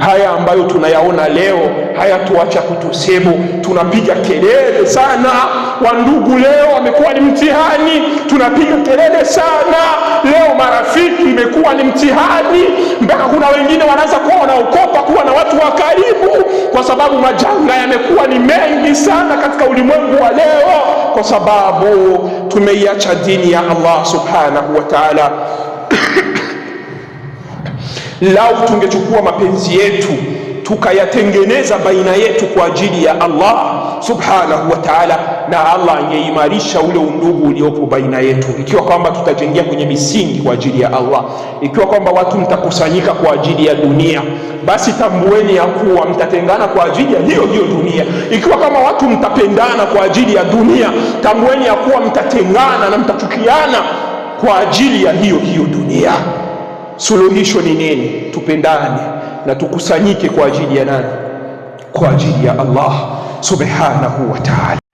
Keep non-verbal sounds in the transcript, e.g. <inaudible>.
Haya ambayo tunayaona leo hayatuacha kutusibu. Tunapiga kelele sana, wandugu, leo amekuwa ni mtihani. Tunapiga kelele sana, leo marafiki imekuwa ni mtihani, mpaka kuna wengine wanaanza kuwa wanaokopa kuwa na watu wa karibu, kwa sababu majanga yamekuwa ni mengi sana katika ulimwengu wa leo, kwa sababu tumeiacha dini ya Allah subhanahu wa ta'ala <coughs> Lau tungechukua mapenzi yetu tukayatengeneza baina yetu kwa ajili ya Allah subhanahu wa ta'ala, na Allah angeimarisha ule undugu uliopo baina yetu, ikiwa kwamba tutajengea kwenye misingi kwa ajili ya Allah. Ikiwa kwamba watu mtakusanyika kwa ajili ya dunia, basi tambueni ya kuwa mtatengana kwa ajili ya hiyo hiyo dunia. Ikiwa kama watu mtapendana kwa ajili ya dunia, tambueni ya kuwa mtatengana na mtachukiana kwa ajili ya hiyo hiyo dunia suluhisho ni nini? Tupendane na tukusanyike kwa ajili ya nani? Kwa ajili ya Allah subhanahu wa ta'ala.